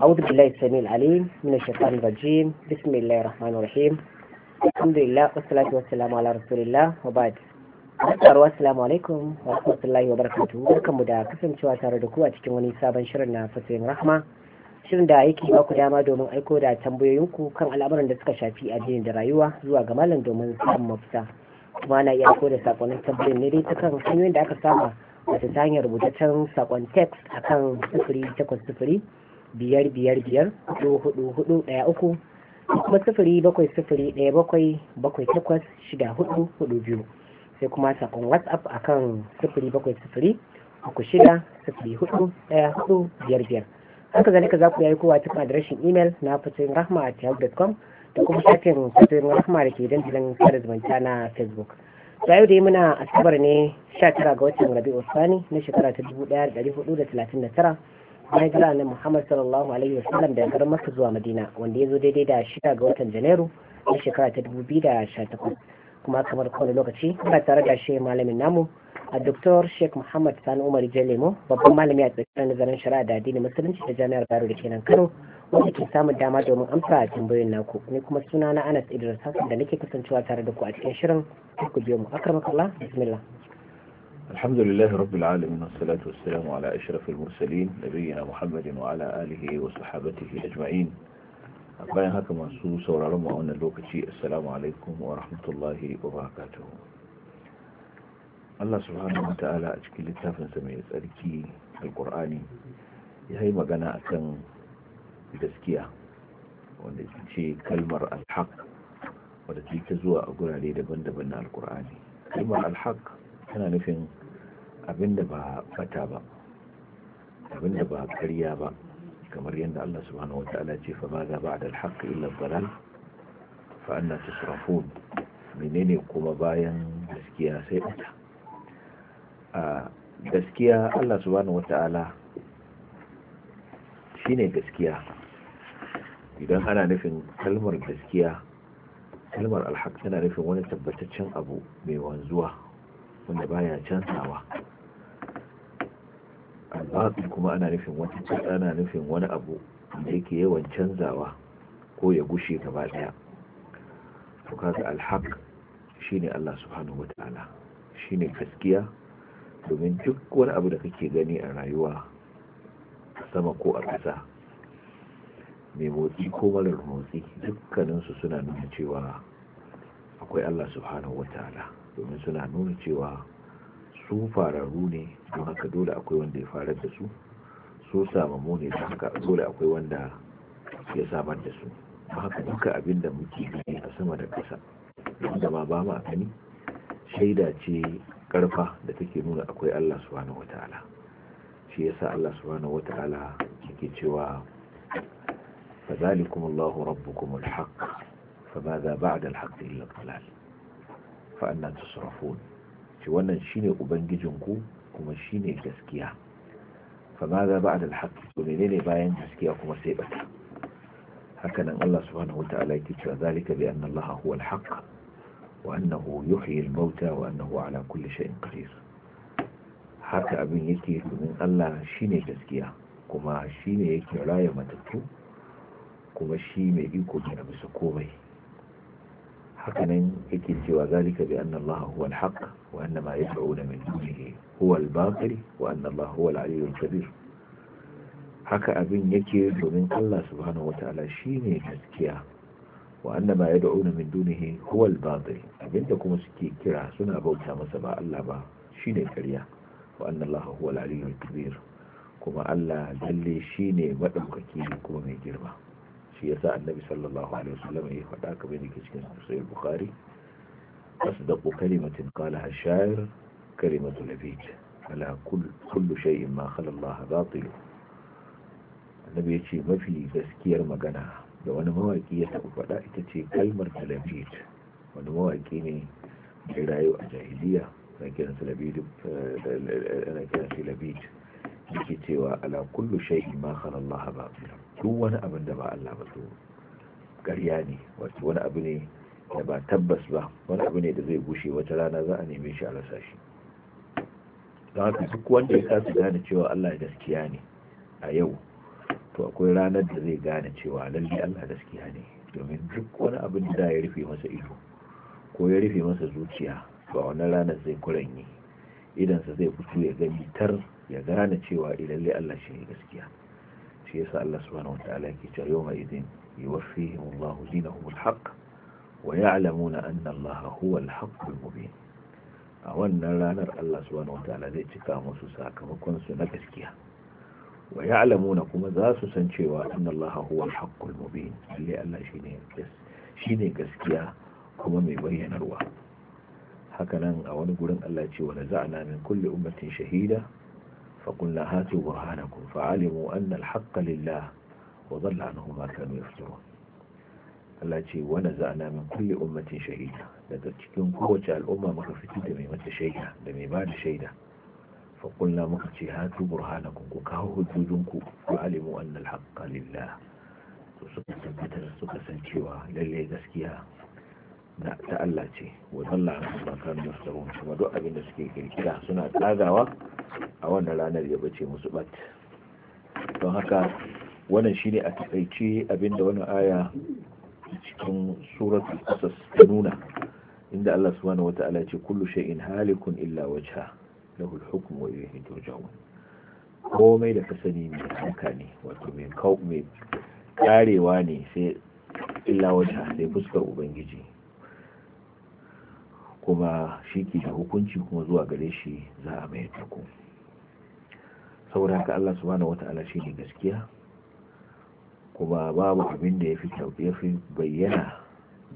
أعوذ بالله السميع العليم من الشيطان الرجيم بسم الله الرحمن الرحيم الحمد لله والصلاة والسلام على رسول الله وبعد Assalamu assalamu alaikum wa rahmatullahi wa barakatuhu barkanmu da kasancewa tare da ku a cikin wani sabon shirin na fasirin rahma shirin da yake ba ku dama domin aiko da tambayoyinku kan al'amuran da suka shafi addini da rayuwa zuwa ga malam domin samun mafita kuma na iya aiko da sakonnin tambayoyin ne dai ta kan hanyoyin da aka saba wata ta hanyar rubutaccen sakon text akan sifiri takwas sifiri biyar biyar biyar hudu hudu hudu daya uku kuma sifiri bakwai sifiri daya bakwai bakwai takwas shida hudu hudu biyu sai kuma sakon whatsapp akan sifiri bakwai sifiri uku shida sifiri hudu daya hudu biyar biyar haka zalika za ku yi kowa cikin adireshin imel na fitin rahma a yahoo.com da kuma shafin fitin rahma da ke dandalin sada zumunta na facebook da yau dai muna asabar ne 19 ga watan rabi'u sani na shekara ta 1439 bai gara na Muhammad sallallahu alaihi wa sallam da garin Makka zuwa Madina wanda ya zo daidai da shida ga watan Janairu na shekara ta dubu biyu kuma kamar kowane lokaci muna tare da shi malamin namu a Dr. Sheikh Muhammad Sani Umar Jalemo babban malami a tsakiyar nazarin shari'a da addinin musulunci da jami'ar Bayero da kenan Kano wanda ke samun dama domin amsa a tambayoyin naku ni kuma suna na Anas Idris Hassan da nake kasancewa tare da ku a cikin shirin ku biyo mu akramakallah bismillah الحمد لله رب العالمين والصلاة والسلام على أشرف المرسلين نبينا محمد وعلى آله وصحابته أجمعين bayan haka masu sauraron mu a wannan lokaci assalamu alaikum wa rahmatullahi wa barakatuhu Allah subhanahu wa ta'ala a cikin littafinsa mai tsarki alkur'ani ya yi magana akan gaskiya wanda ita ce kalmar alhaq wadda ta zuwa a gurare daban-daban na alkur'ani kalmar alhaq tana nufin abinda ba fata ba abinda ba karya ba kamar yadda Allah subhanahu ta'ala ce fa ma za ba da alhaq illa dalal fa anna tusrafun menene kuma bayan gaskiya sai bata a gaskiya Allah subhanahu ta'ala shine gaskiya idan ana nufin kalmar gaskiya kalmar alhaq tana nufin wani tabbataccen abu mai wanzuwa wanda baya canzawa albatin kuma ana nufin wata ana nufin wani abu da yake yawan canzawa ko ya gushe gaba daya to kaga alhaq shine Allah subhanahu wataala shine gaskiya domin duk wani abu da kake gani a rayuwa sama ko a ƙasa mai motsi ko marar motsi dukkaninsu suna nuna cewa akwai Allah subhanahu wataala domin suna nuna cewa su fararu ne don haka dole akwai wanda ya farar da su su samamu ne don haka dole akwai wanda ya samar da su ba haka duka abin da muke gani a sama da ƙasa da ma ba ma gani shaida ce karfa da take nuna akwai Allah subhanahu wata'ala shi yasa Allah subhanahu wata'ala yake cewa fadhalikum Allahu rabbukum ba'da al da illa al-dhalal ta tusrafun ce wannan shine ubangijinku kuma ne gaskiya fama za ba da alhaq to ne bayan gaskiya kuma sai bata hakanan Allah subhanahu wataala yake cewa zalika bi anna Allah huwa alhaq wa annahu yuhyi al-mauta wa annahu ala kulli shain qadir haka abin yake domin Allah shine gaskiya kuma shine yake raya matattu kuma shi mai iko ne bisa komai hakanan yake cewa zalika bi anna Allah huwa al-haq wa anna ma yad'una min dunihi huwa al wa anna Allah huwa al-'aliyyul kabir haka abin yake domin Allah subhanahu wataala shine gaskiya wa anna ma yad'una min dunihi huwa al-batil abinda kuma suke kira suna bauta masa ba Allah ba shine ƙarya wa anna Allah huwa al-'aliyyul kabir kuma Allah lalle shine madaukaki kuma mai girma shi yasa annabi sallallahu alaihi wasallam ya fada kamar yadda ke cikin sahih bukhari asdaqu kalimatin qalaha ash-sha'ir kalimatu labid ala kullu shay'in ma khala Allah batil annabi yace mafi gaskiyar magana da wani mawaki ya taɓa fada ita ce kalmar talabid wani mawaki ne da rayu a jahiliya na kiran talabid yake cewa ala kullu shay'in ma Allah ba duk wani abin da ba Allah ba to ƙarya ne wato wani abu ne da ba tabbas ba wani abu ne da zai gushe wata rana za a neme shi a rasa shi haka duk wanda ya kasa gane cewa Allah gaskiya ne a yau to akwai ranar da zai gane cewa lalle Allah gaskiya ne domin duk wani ne da ya rufe masa ido ko ya rufe masa zuciya ba wannan ranar zai kuranye idansa zai fito ya gani tar ya gane cewa ilalle eh, Allah shi ne gaskiya shi yasa Allah subhanahu wataala yake cewa yawma idin yuwaffihim Allah dinahum al wa ya'lamuna anna Allah huwa al-haq a wannan ranar Allah subhanahu wataala zai cika musu sakamakon su na gaskiya wa ya'lamuna kuma za su san cewa anna Allah huwa al-haq lalle Allah shine shine gaskiya kuma mai bayyanarwa hakanan a wani gurin Allah ce wa a min kulli ummatin shahida فقلنا هاتوا برهانكم فعلموا أن الحق لله وضل عنهم ما كانوا يفترون Allah ce wani za'ana min kulle ummatin shahida daga cikin kowace al'umma muka fito da mai mata shaida da mai bada shaida fa kullu muka ce hatu burhanakum ku kawo hujjojinku ku alimu anna al-haqqa lillah tabbatar suka san cewa lalle gaskiya ta Allah ce wa zalla an ba kan kuma duk abin da suke kirkira suna tsagawa a wannan ranar ya bace musu bat don haka wannan shine a takaice abin da wani aya cikin suratul qasas ta nuna inda Allah subhanahu wata'ala ce kullu shay'in halikun illa wajha lahu al-hukmu wa ilayhi turja'un komai da kasani sani mai haka ne wato mai karewa ne sai illa wajha sai fuskar ubangiji kuma shi ke da hukunci kuma zuwa gare shi za a mayar da saboda haka Allah subhanahu ta'ala shi ne gaskiya kuma babu abin da ya fi bayyana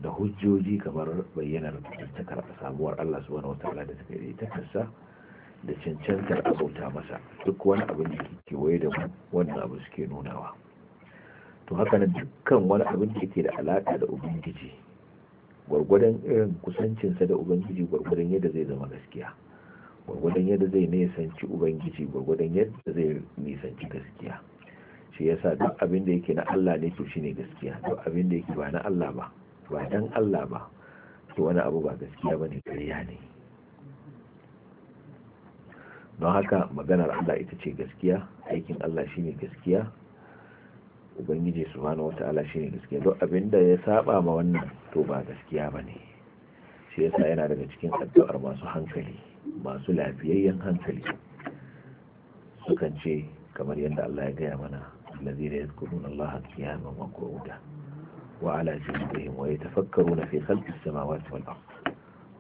da hujjoji kamar bayyanar tattakar sabuwar Allah subhanahu ta'ala da ta kai da cancantar abauta masa duk wani abin da ke kewaye da wannan abu suke nunawa to haka dukkan wani abin da ke da alaka da ubangiji gwargwadon irin kusancinsa da ubangiji gwargwadon yadda zai zama gaskiya gwargwadon yadda zai nisanci ubangiji gwargwadon yadda zai nisanci gaskiya shi yasa duk abin da yake na Allah ne to shine gaskiya duk abin da yake ba na Allah ba ba dan Allah ba to wani abu ba gaskiya bane ƙarya ne don haka maganar Allah ita ce gaskiya aikin Allah shine gaskiya ubangiji subhanahu wata'ala shine gaskiya duk abinda ya saba ma wannan to ba gaskiya bane shi yasa yana daga cikin addu'ar masu hankali masu lafiyayyen hankali sukan ce kamar yadda Allah ya gaya mana wa يذكرون الله قياما وقعودا وعلى جنوبهم ويتفكرون في خلق السماوات والأرض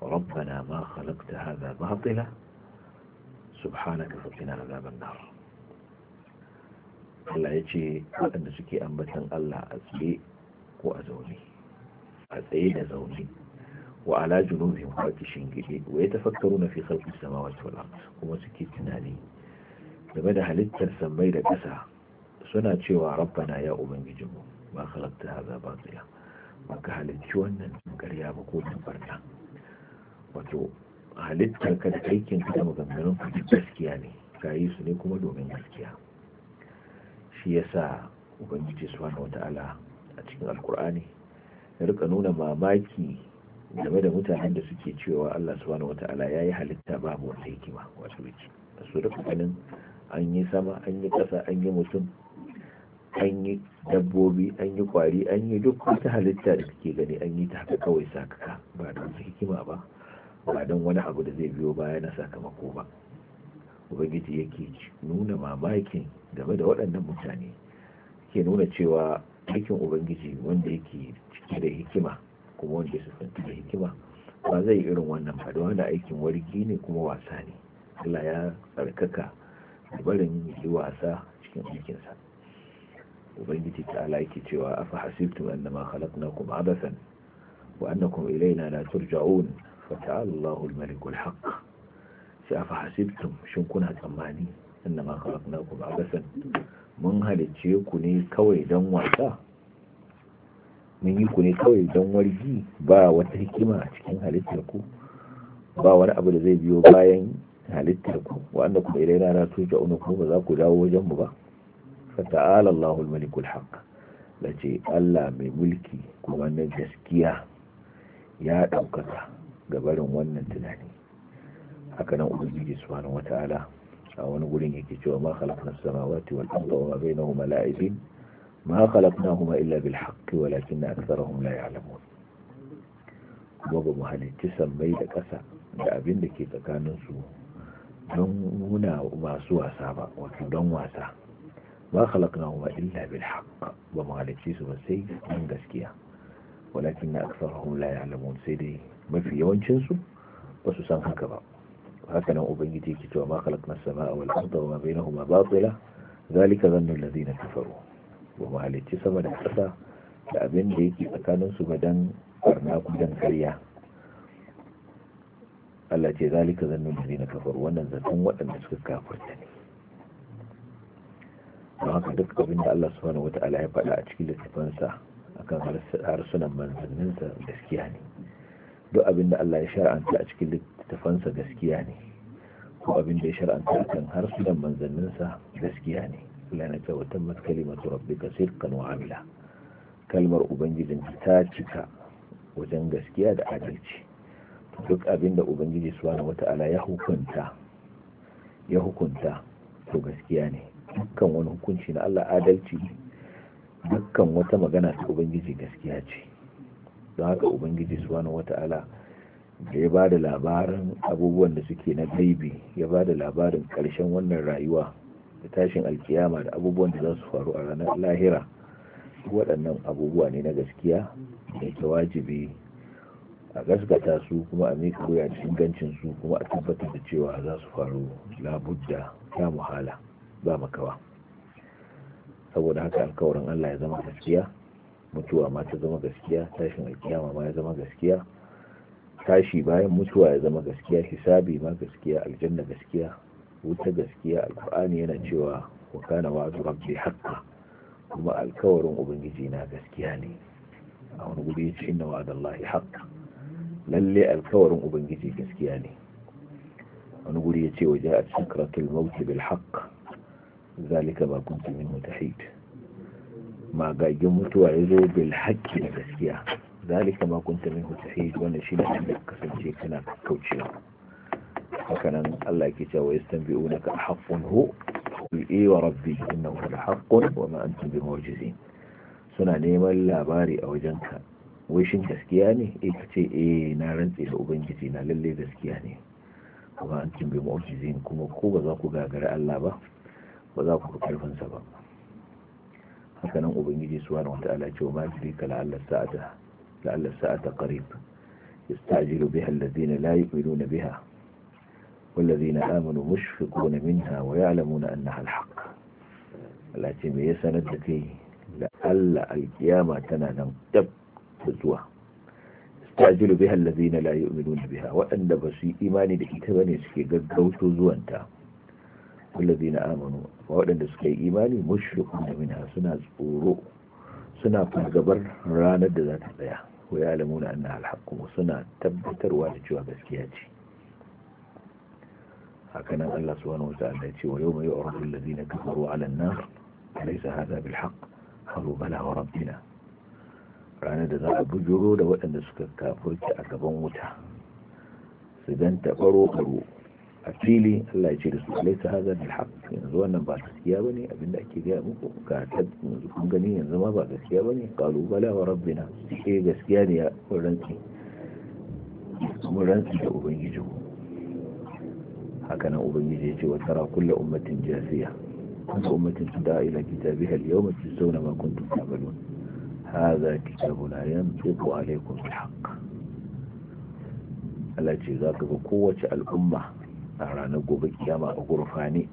ربنا ما خلقت هذا باطلا سبحانك فقنا عذاب النار Allah ya ce waɗanda suke ambatan Allah a tsaye ko a zaune a tsaye da zaune wa ala junubin wa kishin gidi wa na fi sauƙi sama wa tola kuma suke tunani game da halittar sammai da ƙasa suna cewa rabbana ya Ba ha za ba tsaya ba ka halittu wannan ƙarya ba ko tabbarta wato halittar kada da aikin ka da maganganun ka gaskiya ne ka yi su ne kuma domin gaskiya shi yasa ubangiji subhanahu wata'ala a cikin alkur'ani ya rika nuna mamaki game da mutanen da suke cewa Allah subhanahu wata'ala yi halitta babu wata hikima wato yake su rika ganin an yi sama an yi ƙasa an yi mutum an yi dabbobi an yi kwari an yi duk wata halitta da kake gani an yi ta haka kawai sakaka ba da wata hikima ba ba don wani abu da zai biyo baya na sakamako ba ubangiji yake nuna mamakin game da waɗannan mutane ke nuna cewa aikin ubangiji wanda yake cike da hikima kuma wanda ya sassanci da hikima ba zai irin wannan ba da wanda aikin wargi ne kuma wasa ne Allah ya tsarkaka barin yi wasa cikin aikinsa ubangiji ta ala yake cewa wanda hasibtum na kuma abathan wa annakum ilaina na turja'un fa Allahu al malikul haqq sai afa hasibtum shin kuna tsammani annama khalaqnakum abasan mun halice ku ne kawai dan wasa mun yi ku ne kawai dan wargi ba wata hikima a cikin halittar ku ba wani abu da zai biyo bayan halittar ku wanda kuma idan rana tuja unu ku ba za ku dawo wajen mu ba fa ta'ala al-malikul haqq lace Allah mai mulki kuma na gaskiya ya ɗaukaka gabarin wannan tunani haka nan ubangiji subhanahu wata'ala a wani gurin yake cewa ma khalaqna as-samawati wal arda wa ma bainahuma la'ibin ma khalaqnahuma illa bil haqqi walakinna aktharahum la ya'lamun babu mu halicci sammai da ƙasa da abin da ke tsakanin su don nuna masu wasa ba wato don wasa ma khalaqnahuma illa bil haqq ba mu halicci su ba sai an gaskiya walakinna aktharahum la ya'lamun sai dai mafi yawancin su ba su san haka ba haka nan ubangiji ke cewa ma khalaqna as-samaa wal arda wa ma bainahuma batila zalika dhannu alladhina kafaru wa ma halicci sama da ƙasa da abin da yake tsakanin su ga dan barna ku dan karya Allah ce zalika zannu alladhina kafaru wannan zaton waɗanda suka kafirta ne don haka duk abin da Allah subhanahu wata'ala ya faɗa a cikin littafansa akan harsunan manzanninsa gaskiya ne duk abin da Allah ya shar'anta a cikin littafansa gaskiya ne ko abin da ya shar'anta a kan harsunan manzanninsa gaskiya ne Allah na cewa tabbat kalimatu rabbika sirqan kan wa'amila kalmar ubangijin ta cika wajen gaskiya da adalci duk abin da ubangiji subhanahu wata'ala ya hukunta ya hukunta to gaskiya ne dukkan wani hukunci na Allah adalci dukkan wata magana ta ubangiji gaskiya ce don haka ubangiji wata wata'ala da ya ba da labarin abubuwan da suke na gaibi ya ba da labarin karshen wannan rayuwa da tashin alkiyama da abubuwan da za su faru a ranar lahira waɗannan abubuwa ne na gaskiya da ke wajibi a gaskata su kuma a mika goya gancin su kuma a tabbatar da cewa za su faru labudda ta muhala ba makawa saboda haka alkawarin Allah ya zama gaskiya mutuwa ma ta zama gaskiya tashin alkiyama ma ya zama gaskiya tashi bayan mutuwa ya zama gaskiya hisabi ma gaskiya aljanna gaskiya wuta gaskiya alkur'ani yana cewa wa kana wa'du rabbi haqqan kuma alkawarin ubangiji na gaskiya ne a wani guri yace inna wa'dallahi haqqan lalle alkawarin ubangiji gaskiya ne wani guri yace wa ja'at sakratul maut bil haqq zalika ma kuntum minhu tahid magagin mutuwa ya zo bil haƙƙi da gaskiya zalika ma kunta min hutafi wannan shi ne da kasance kana kaucewa haka nan Allah ke cewa ka haqqun hu qul E, wa rabbi innahu la haqqun wa ma antum bi mu'jizin suna neman labari a wajenka wai shin gaskiya ne eh kace eh na rantse da ubangiji na lalle gaskiya ne kuma antum bi mu'jizin kuma ko ba za ku gagara Allah ba ba za ku karfin sa ba haka nan ubangiji su na wata ala cewa mafi ka la'allar sa'ata karib ya stajiru biya lalazi na layi kwilo na biya wallazi na aminu mushi ko na minha wa ya ala ce mai ya sanar da kai la'allar alkiyama tana nan ɗab da zuwa stajiru biya lalazi na layi kwilo na waɗanda ba su yi imani da ita ba ne suke gaggauto zuwanta wallazina amanu waɗanda suka yi imani mushriku da minha suna tsoro suna fargabar ranar da za ta tsaya ko ya alamuna anna suna tabbatarwa da cewa gaskiya ce hakanan Allah subhanahu wata'ala ya yau wa yawma yu'radu allazina kafaru 'ala an-nar alaysa hadha bil haqq qalu bala wa rabbina ranar da za a bujuro da waɗanda suka kafurci a gaban wuta su dan tabaro karo أتيلي الله يجلس ليس هذا الحق زوانا بعد ثيابني أبن أكي ثيابك وكاتب مدفنقني إنما بعد ثيابني قالوا بلا وربنا إيه بسيان يعني يا مرنسي مرنسي أبن يجو هكذا أبن يجو وترى كل أمة جاسية كل أمة تدعى إلى كتابها اليوم تجزون ما كنتم تعملون هذا كتابنا ينطق عليكم بالحق الله يجزاك بقوة الأمة a ranar gobe kiyama a gurfani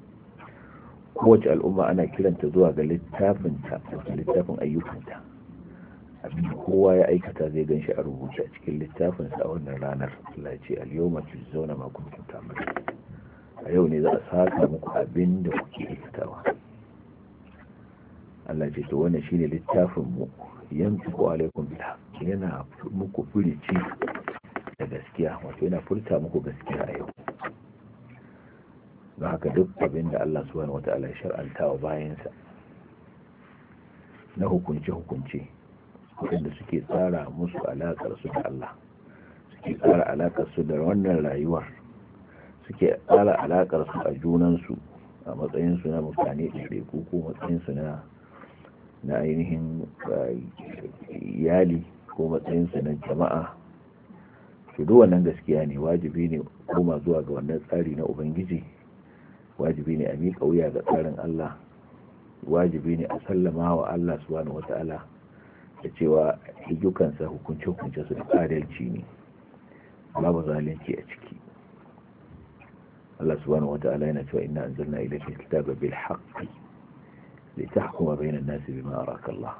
kowace al'umma ana kiranta zuwa ga littafinta wata littafin ayyukanta abin kowa ya aikata zai gan shi a rubuce a cikin littafinsa a wannan ranar Allah ce al-yawma zauna ma kuntum ta'malun a yau ne za a saka muku abin da kuke aikatawa Allah ce to wannan shine littafin mu ko alaikum bila yana muku furici da gaskiya wato yana furta muku gaskiya a yau da haka duk abin da Allah subhanahu wata'ala ya shar'anta wa bayansa na hukunce-hukunce waɗanda suke tsara musu alaƙar su da Allah suke tsara alaƙar su da wannan rayuwar suke tsara alaƙar su a junansu a matsayinsu na mutane ɗaiɗaiku ko matsayinsu na na ainihin eh, iyali ko matsayinsu na jama'a su duk wannan gaskiya ne wajibi ne koma zuwa ga wannan tsari na ubangiji wajibi ne a miƙa wuya ga tsarin Allah wajibi ne a sallama wa Allah subhanahu wata'ala da cewa ayyukansa hukunce hukunce su da adalci ne babu zalunci a ciki Allah subhanahu wata'ala yana cewa inna anzalna ilayka kitaba bil haqqi litahkuma bainan nasi bima araka Allah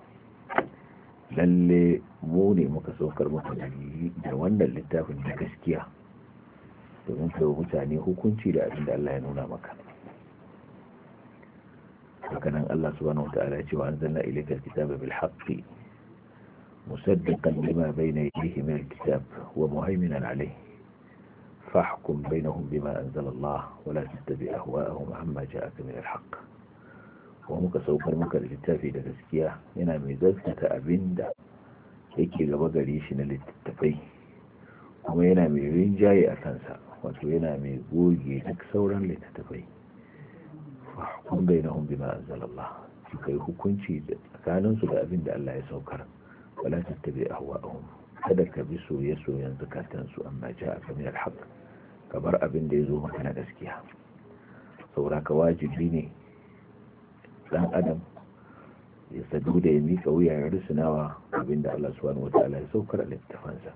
lalle mu ne muka saukar muku da wannan littafin da gaskiya domin kai mutane hukunci da abin da Allah ya nuna maka hakanan Allah subhanahu wata'ala ya ce wa an zanna ilikar kitabu bil haƙƙi musaddiqan lima bayna yadihi min al-kitab wa muhaiminan alai fahkum bainahum bima anzalallah wala tattabi ahwa'ahum amma ja'aka min al-haqq wa muka saukar muka da littafi da gaskiya yana mai zartata abinda yake gaba gare shi na littattafai kuma yana mai rinjaye a kansa wato yana mai goge duk sauran littattafai kun bai na hunbi ma'azalallah su kai hukunci tsakaninsu da abin da Allah ya saukar wala tattabi a kada ka bi soye-soyen zukatansu amma ja a sami alhaq kamar abin da ya zo maka na gaskiya Saura ka wajibi ne dan adam ya sadu da ya mika wuya ya rusunawa abin da Allah subhanahu wataala ya saukar a littafansa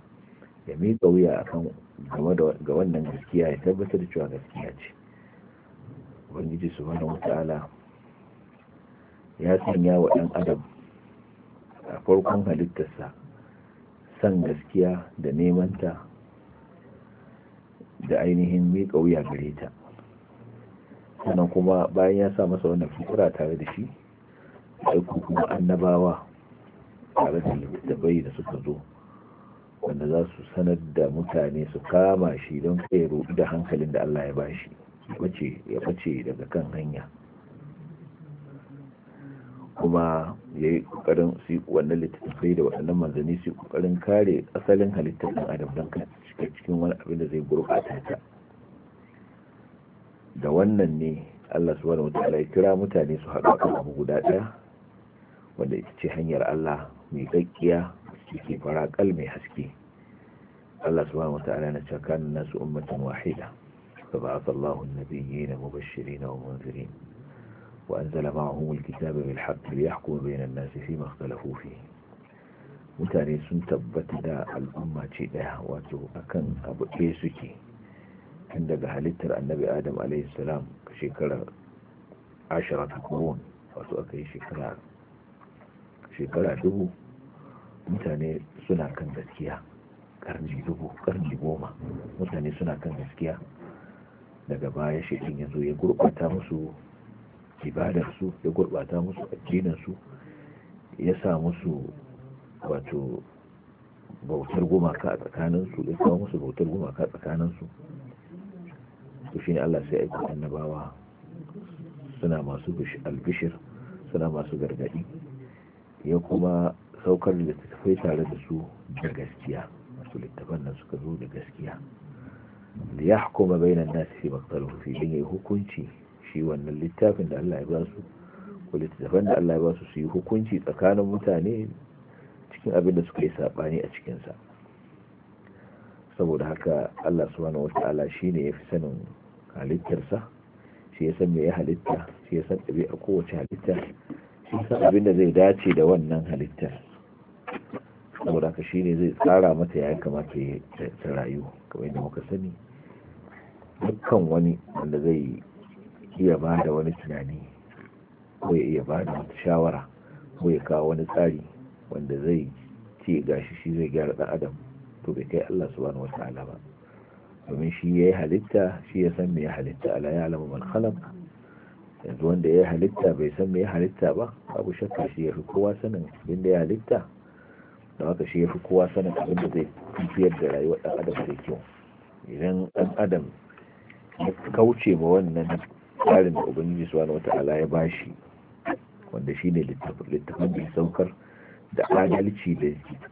ya mika wuya akan game da ga wannan gaskiya ya tabbatar cewa gaskiya ce ubangiji wani wataala ya sanya wa ɗan adam a farkon halittarsa san gaskiya da nemanta da ainihin miƙa wuya gare ta sannan kuma bayan ya sa masa wannan fitura tare da shi aiko kuma annabawa tare da littattafai da suka zo wanda za su sanar da mutane su kama shi don kai da hankalin da Allah ya bashi ya ɓace daga kan hanya kuma ya yi ƙoƙarin su yi wannan littattafai da waɗannan manzanni su kokarin kare asalin halittar ɗan adam don kan cikin wani abin da zai gurɓata ta da wannan ne Allah su subhanahu wataala ya kira mutane su haɗu kan abu guda ɗaya wanda ita ce hanyar Allah mai gaggiya ke faraƙal mai haske Allah su subhanahu wataala na cakanin nasu ummatin wahida فبعث الله النبيين مبشرين ومنذرين وأنزل معهم الكتاب بالحق ليحكم بين الناس فيما اختلفوا فيه mutane sun tabbata da al'umma ce daya wato akan abu ɗaya suke tun daga halittar annabi adam a.s. shekarar ashirar kurun wato aka yi shekara dubu mutane suna kan gaskiya karni dubu karni goma mutane suna kan gaskiya daga baya shaitan ya zo ya gurɓata musu ibadarsu ya gurɓata musu addininsu ya sa musu wato bautar gumaka a tsakaninsu ya kawo musu bautar gumaka a tsakaninsu to shine Allah sai aiko annabawa suna masu albishir suna masu gargadi ya kuma saukar da littattafai tare da su da gaskiya masu littafan nan suka zo da gaskiya ya hukuma bainan nas fi maqtalu fi din yi hukunci shi wannan littafin da Allah ya ba su ko littafin da Allah ya ba su su yi hukunci tsakanin mutane cikin abin da suka yi sabani a cikin sa saboda haka Allah subhanahu wataala shine yafi sanin halittarsa shi ya san me ya halitta shi ya san ɗabi'a kowace halitta shi san abin da zai dace da wannan halittar saboda haka shine zai tsara mata ya kamata ta rayu kamar yadda muka sani dukkan wani wanda zai iya ba da wani tunani ko ya iya ba da wata shawara ko ya kawo wani tsari wanda zai ce gashi shi zai gyara ɗan adam to bai kai Allah subhanahu wataala ba domin shi yayi halitta shi ya san me ya halitta ala alamu man khalaq yanzu wanda ya yi halitta bai san me ya halitta ba abu shakka shi ya fi kowa sanin abin da ya halitta da haka shi ya fi kowa sanin abin da zai fiyar da rayuwar ɗan adam zai kyau idan dan adam ya kauce ma wannan tsarin da ubangiji wata wata'ala ya bashi wanda shine littafin da saukar da adalci da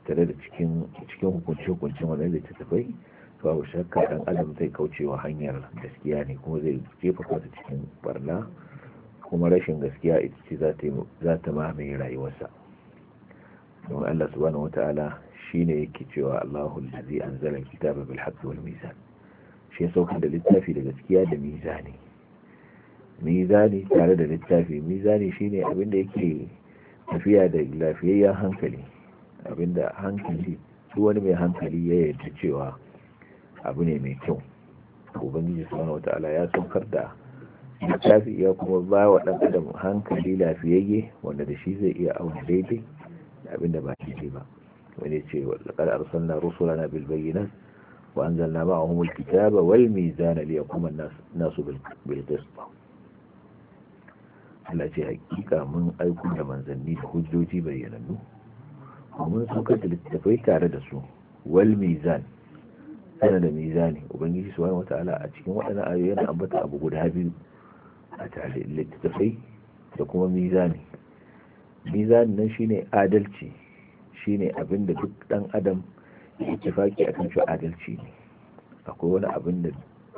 tare da cikin hukunce hukuncen zai littattafai to babu shakka dan adam zai wa hanyar gaskiya ne kuma zai jefa kansa cikin barna kuma rashin gaskiya ita ce za ta mamaye rayuwarsa don Allah subhanahu shi shine yake cewa Allahu allazi anzala alkitaba bil haqqi wal mizan shi ya saukar da littafi da gaskiya da mizani mizani tare da littafi mizani shine abin da yake tafiya da lafiyayyen hankali abinda hankali su wani mai hankali ya yarda cewa abu ne mai kyau ubangiji wani wataala ya saukar da littafi ya kuma ba wa ɗan adam hankali lafiyayye wanda da shi zai iya auna daidai da abin da ba ba wani ce wa lakar arsalna rusulana bil وأنزلنا معهم الكتاب والميزان ليقوم الناس, الناس بالقسط التي حقيقة من أيكم منزلني حجوجي بيننو ومن سوكة للتفوي تارد سو والميزان أنا da mizani ubangiji subhanahu wataala a cikin waɗannan ayoyi yana abu guda biyu a tare littattafai da kuma mizani mizani na shine adalci shine abinda duk ɗan adam ittifaki a kan shi adalci ne akwai wani abin da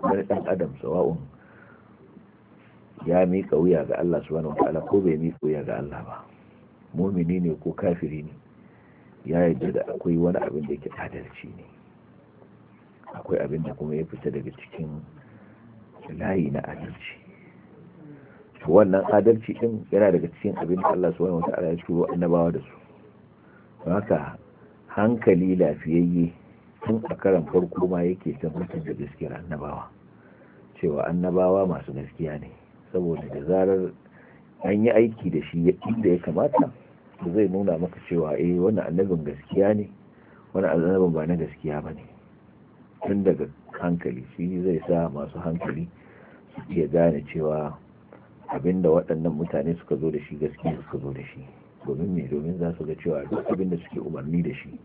wani ɗan adam sawa'un ya miƙa wuya ga Allah subhanahu wa ta'ala ko bai miƙa wuya ga Allah ba mumini ne ko kafiri ne ya yadda da akwai wani abin da yake adalci ne akwai abin da kuma ya fita daga cikin layi na adalci wannan adalci ɗin yana daga cikin abin da Allah subhanahu wa ta'ala ya turo annabawa da su haka hankali lafiyayye tun a karan farko ma yake tabbatar da gaskiyar annabawa cewa annabawa masu gaskiya ne saboda da zarar an yi aiki da shi inda ya kamata zai nuna maka cewa eh wani annabin gaskiya ne wani annabin ba na gaskiya ba ne tun daga hankali shi zai sa masu hankali su iya gane cewa abinda waɗannan mutane suka zo da shi gaskiya suka zo da shi domin ne domin za su ga cewa duk abin da suke umarni da shi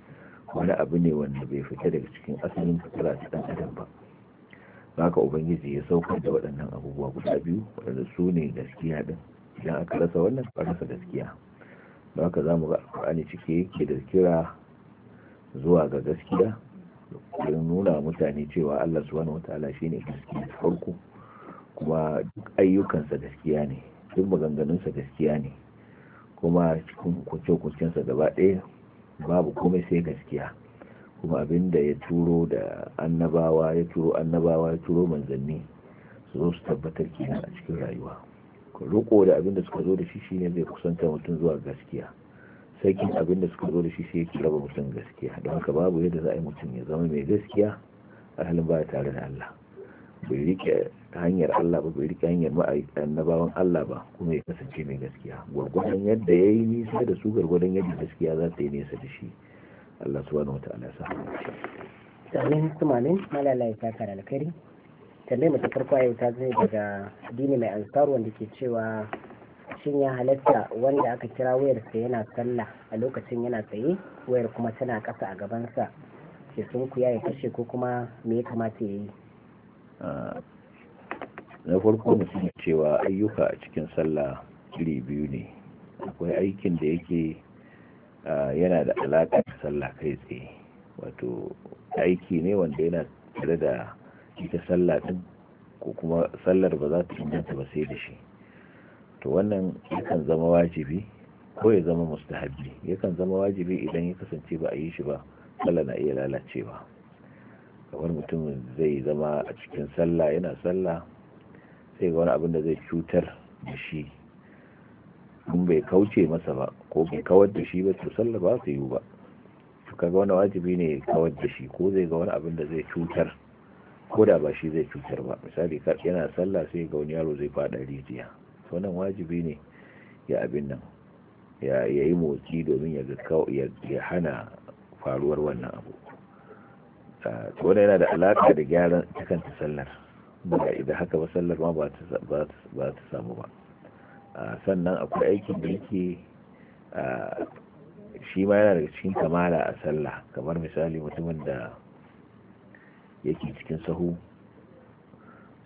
wani abu ne wanda bai fita daga cikin asalin fitara ta dan adam ba ka ubangiji ya saukar da waɗannan abubuwa guda biyu waɗanda su ne gaskiya ɗin, idan aka rasa wannan ba rasa gaskiya ba ka za mu ga alƙur'ani cike yake da kira zuwa ga gaskiya ya nuna mutane cewa Allah subhanahu wataala ne gaskiya farko kuma duk ayyukansa gaskiya ne duk maganganunsa gaskiya ne kuma cikin hukunce-hukuncensa gaba ɗaya babu komai sai gaskiya kuma abinda ya turo da annabawa ya turo annabawa ya turo manzanni su zo su tabbatar kenan a cikin rayuwa roƙo da abinda suka zo da shi shine zai kusanta mutum zuwa gaskiya abin da suka zo da shi sai yake raba mutum gaskiya don haka babu yadda za a yi mutum ya zama mai gaskiya a halin baya tare da Allah bai rike hanyar Allah ba bai rike hanyar annabawan Allah ba kuma ya kasance mai gaskiya gwargwadon yadda ya yi nisa da su gwargwadon yadda gaskiya za ta yi nesa da shi Allah su wani wataala ya sa tsarin tumamin malala ya taka da alkhairi tambayar mace farko yau ta zai daga dini mai ansar wanda ke cewa shin ya halatta wanda aka kira wayarsa yana sallah a lokacin yana tsaye wayar kuma tana kasa a gabansa ke sun kuya ya kashe ko kuma me ya kamata ya yi na farko mutum cewa ayyuka a cikin sallah iri biyu ne akwai aikin da yake yana da alaƙa da sallah kai tsaye wato aiki ne wanda yana tare da ita sallah din ko kuma sallar ba za ta inganta ba sai da shi to wannan yakan zama wajibi ko ya zama mustahabi yakan zama wajibi idan ya kasance ba a yi shi ba sallah na iya lalacewa kamar mutum zai zama a cikin sallah yana sallah sai ga wani abin da zai cutar da shi in bai kauce masa ba ko bai kawar da shi ba to sallah ba su yi ba to kaga wani wajibi ne kawar da shi ko zai ga wani abin da zai cutar ko da ba shi zai cutar ba misali yana sallah sai ga wani yaro zai fada rijiya nan wajibi ne ya abin nan ya yi motsi domin ya hana faruwar wannan abu Wani yana da alaka da gyaran ta sallar ba idan haka ba sallar ma ba ta samu ba sannan akwai aikin da yake shi ma yana daga cikin kamala a sallah kamar misali mutumin da yake cikin sahu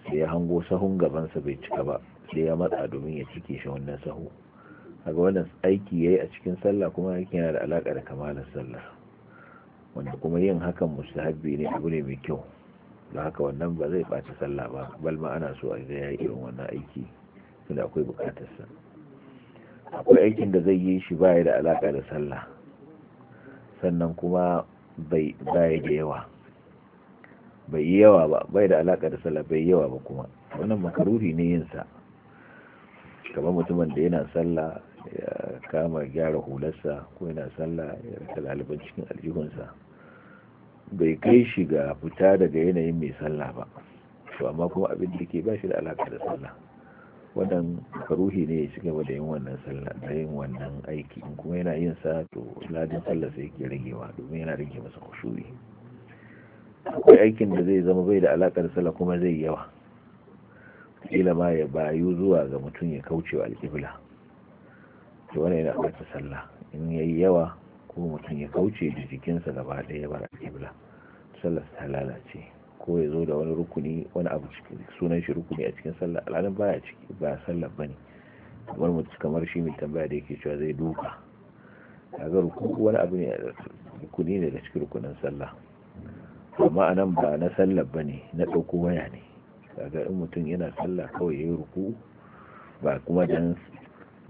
sai ya hango sahun gabansa bai cika ba sai ya matsa domin ya cike shi wannan sahu a ga wannan aiki ya yi a cikin sallah kuma yake yana da alaƙa da kamalar sallah wanda kuma yin hakan mustahabbi ne abu ne mai kyau da haka wannan ba zai faci sallah ba bal ma ana so a ga ya irin wannan aiki tunda akwai sa akwai aikin da zai yi shi baya da alaka da sallah sannan kuma bai baya da yawa bai yawa ba bai da alaka da sallah bai yawa ba kuma wannan makaruri ne yin sa kamar mutumin da yana sallah ya kama gyara hularsa ko yana sallah ya rika laliban cikin aljihunsa bai kai shi ga fita daga yanayin mai sallah ba to amma kuma abin da ke ba shi da alaka da sallah wannan karuhi ne ya gaba da yin wannan sallah da yin wannan aiki in kuma yana yin sa to ladin sallah sai yake ragewa domin yana rage masa kushuri akwai aikin da zai zama bai da alaka da sallah kuma zai yawa kila ma ya bayu zuwa ga mutum ya kaucewa alƙibla to wani yana ɓata sallah in ya yi yawa ko mutum ya kauce da jikinsa gaba ɗaya ya bar alƙibla sallar ta lalace ko ya zo da wani rukuni wani abu cikin sunan shi rukuni a cikin sallah alhalin baya ciki ba sallar ba ne kamar mutum kamar shi mai tambaya da yake cewa zai duka kaga rukuni wani abu ne rukuni ne daga cikin rukunin sallah amma a nan ba na sallar ba ne na ɗauko waya ne kaga in mutum yana sallah kawai ya yi ruku ba kuma dan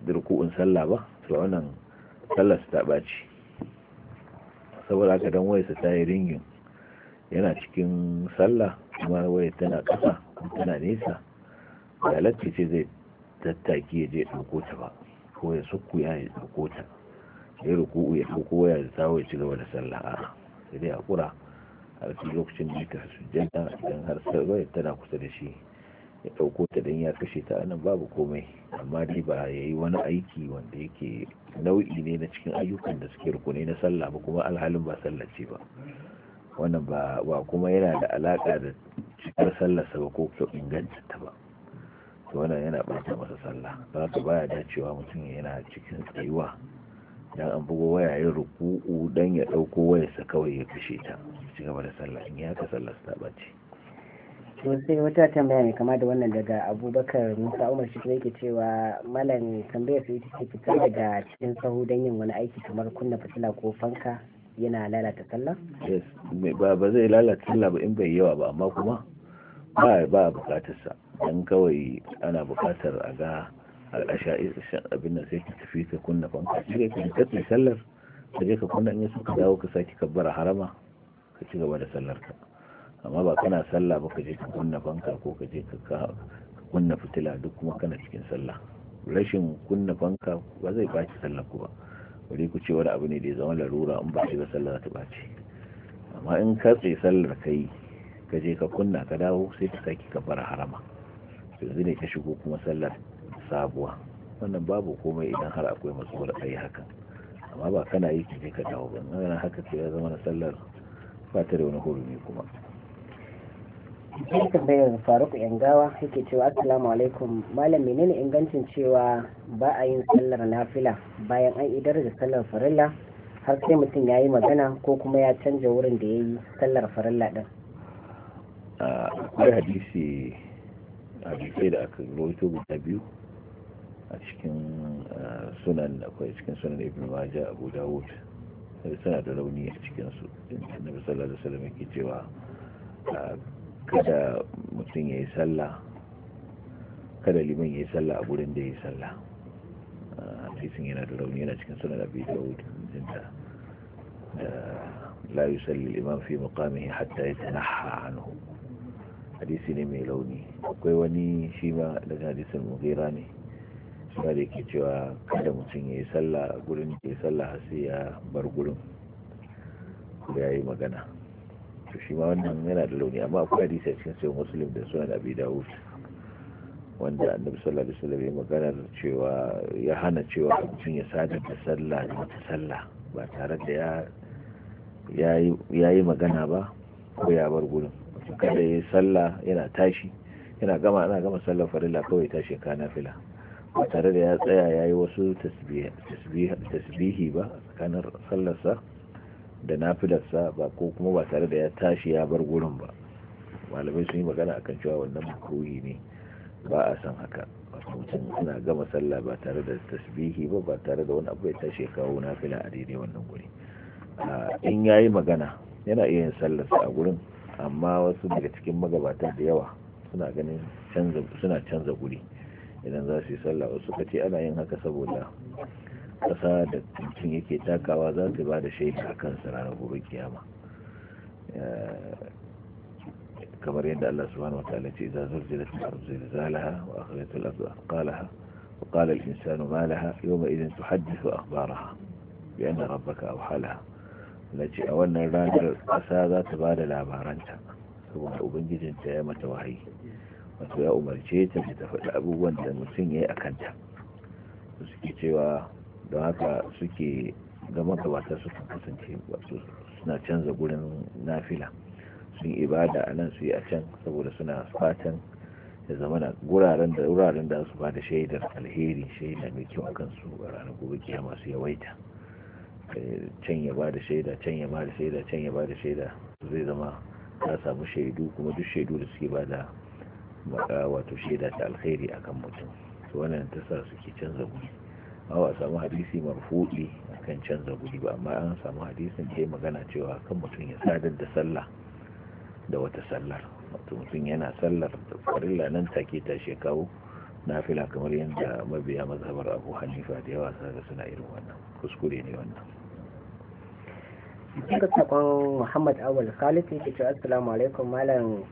da ruku'un sallah ba to wannan sallar ta baci saboda haka dan wayarsa ta yi ringin yana cikin sallah kuma waye tana kasa tana nesa da latti ce zai tattaki ya je ɗauko ta ba ko ya sukku ya yi ɗauko ta ya ruku'u ya ɗauko waya ya ci gaba da sallah a sai dai a har lokacin da ya tafi idan har sarwayar tana kusa da shi ya ɗauko ta don ya kashe ta anan babu komai amma dai ba ya yi wani aiki wanda yake nau'i ne na cikin ayyukan da suke rukuni na sallah ba kuma alhalin ba sallah ce ba wannan ba kuma yana da alaƙa da cikar sallah sa ba ko inganta ta ba to wannan yana ɓata masa sallah za ka baya dacewa mutum yana cikin tsayuwa dan an bugo waya yin ruku'u dan ya ɗauko wayarsa kawai ya kashe ta ci gaba da sallah in ya ka sallah ta ɓace to sai wata tambaya mai kama da wannan daga abubakar musa umar shi yake cewa malami tambayar su ita ce fitar daga cikin sahu don yin wani aiki kamar kunna fitila ko fanka yana lalata sallah yes ba ba zai lalata sallah ba in bai yawa ba amma kuma ba ba bukatar sa dan kawai ana bukatar a ga shan abin da sai ka tafi ka kunna fanka sai ka tafi sallar ka je ka kunna in ya suka dawo ka saki kabbara harama ka ci gaba da sallar ka amma ba kana sallah ba ka je ka kunna fanka ko ka je ka kunna fitila duk kuma kana cikin sallah rashin kunna fanka ba zai baci sallah ku ba bari ku ce wani abu ne da ya zama larura in ba shi ba sallah ta baci amma in ka tsaye sallar ka yi ka je ka kunna ka dawo sai ka saki ka fara harama yanzu ne ka shigo kuma sallar sabuwa wannan babu komai idan har akwai matsuwar ayi haka amma ba kana yi ka je ka dawo ba nan haka ke ya zama na sallar ba ta da wani hurumi kuma sai tambayar faruk yangawa yake cewa assalamu alaikum malam menene ingancin cewa ba a yin sallar nafila bayan an idar da sallar farilla har sai mutum ya yi magana ko kuma ya canja wurin da ya yi sallar farilla din akwai hadisi a hadisai da aka rohoto guda biyu a cikin sunan akwai cikin sunan ibn majah abu dawud suna da rauni a cikin su annabi sallallahu da salama yake cewa kada mutum ya yi sallah kada liman ya yi sallah a gurin da ya yi sallah hadisin yana da rauni yana cikin sunan da dawud jinta da la yusalli liman imam fi maqamihi hatta yatanaha hannu. hadisi ne mai launi akwai wani shi ma daga hadisin mugera ne shi da ke cewa kada mutum ya yi sallah gurin da ya sallah sai ya bar gurin ya yi magana to shi ma wannan yana da launi amma akwai hadisi a cikin sai muslim da sunan abi dawud wanda annabi sallallahu alaihi wasallam ya magana cewa ya hana cewa mutum ya sadar da sallah da wata sallah ba tare da ya yi magana ba ko ya bar gurin kada ya yi sallah yana tashi yana gama ana gama sallar farilla kawai tashi ka nafila ba tare da ya tsaya ya yi wasu tasbihi ba a tsakanin sallarsa da nafilarsa ba ko kuma ba tare da ya tashi ya bar gurin ba malamai sun yi magana a kan cewa wannan makruhi ne ba a san haka mutum suna gama sallah ba tare da tasbihi ba ba tare da wani abu ya tashi ya kawo nafila a daidai wannan guri in ya yi magana yana iya yin sallarsa a gurin amma wasu daga cikin magabatan da yawa suna ganin canza suna canza guri idan za su yi sallah wasu kace ana yin haka saboda kasa da mutum yake takawa za ta ba da shaida a kansa ranar gobe kiyama eh, kamar yadda Allah subhanahu wataala ce idza zulzilat al-ardu zilzalaha wa akhrijat al-ardu athqalaha wa qala al-insanu ma laha yawma idhin tuhaddithu akhbaraha bi anna rabbaka awha laha nace a wannan ranar ƙasa za ta ba da labaranta saboda ubangijin ta ya mata wahayi wato ya umarce ta ta faɗi abubuwan da mutum ya yi a kanta suke cewa don haka suke gama gabata suka kasance wato suna canza gurin nafila sun ibada a nan su yi a can saboda suna fatan da zamana guraren da wuraren da su ba da shaidar alheri shaida mai kyau kansu a ranar gobe kiya masu yawaita eh, can ya ba da shaida can ya ba da shaida can ya ba da shaida zai zama ta samu shaidu kuma duk shaidu da suke ba da wato shaida ta alheri akan mutum wannan ta sa suke canza gudu ba samu hadisi a kan canza guri ba amma an samu hadisin da ya magana cewa kan mutum ya sadar da sallah da wata sallar wato mutum yana sallar da farilla nan take ta shekaru fila kamar yadda mabiya mazhabar abu hanifa da yawa sa suna irin wannan kuskure ne wannan daga sakon muhammad awal khalid yake cewa assalamu alaikum malam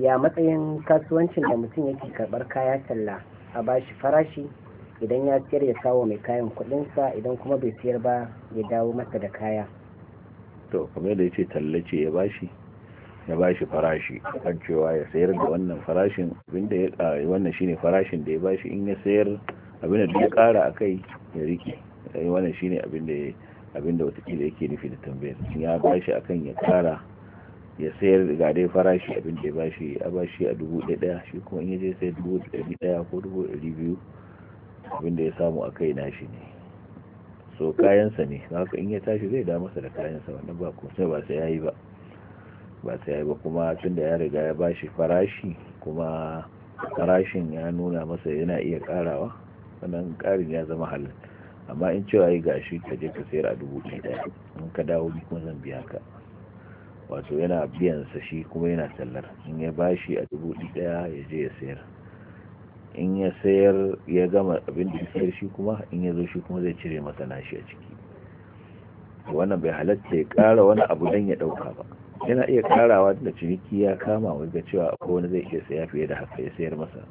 ya matsayin kasuwancin da mutum yake karɓar kaya talla a bashi farashi idan ya siyar ya kawo mai kayan kudinsa idan kuma bai siyar ba ya dawo masa da kaya to kuma da ya ce tallace ya bashi ya bashi farashi kan cewa ya sayar da wannan farashin abinda ya wannan shine farashin da ya bashi in ya sayar abinda eh, da ya kara akai ya rike wannan shine abinda ya abinda watakila yake nufi da tambayar ya bashi akan ya kara ya sayar ga dai farashi abinda ya bashi a bashi a dubu ɗaya shi kuma in ya je sai dubu ɗari ɗaya ko dubu ɗari biyu abin da ya samu a kai nashi ne so kayansa ne haka in ya tashi zai da masa da kayansa wannan ba ko sai ba sai yi ba ba sai yi ba kuma tun da ya riga ya bashi farashi kuma farashin ya nuna masa yana iya karawa wannan karin ya zama halin amma in cewa yi gashi ka je ka sayar a dubu ɗaya in ka dawo bi kuma zan biya ka wato yana biyansa shi kuma yana tallar in ya bashi a dubu ɗaya ya je ya sayar in ya sayar ya gama abin da ya shi kuma in ya zo shi kuma zai cire masa nashi a ciki wannan bai halatta ya kara wani abu don ya dauka ba yana iya karawa da ciniki ya kama ga cewa akwai wani zai iya saya fiye da haka ya sayar masa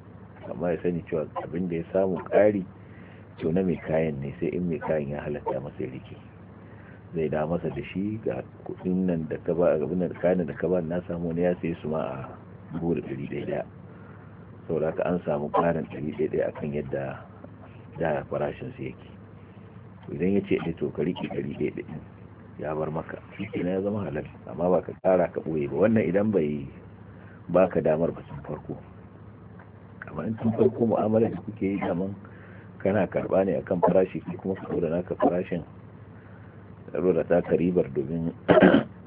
amma ya sani cewa abin da ya samu kari to na mai kayan ne sai in mai kayan ya halatta masa ya rike zai da masa da shi ga kudin nan da ka ba da kayan da ka ba na samu wani ya sayi su ma a buru ɗari ɗaya saboda ka an samu ƙarin ɗari ɗaya akan yadda da farashin su yake idan ya ce eh, to ka riƙe ɗari ya bar maka shi ya zama halal amma ba ka ƙara ka ɓoye ba wannan idan bai ba ka damar ba tun farko amma in tun farko mu'amala da kuke yi kamar kana karba ne akan farashi ko kuma ka ɗora naka farashin ka da taka ribar domin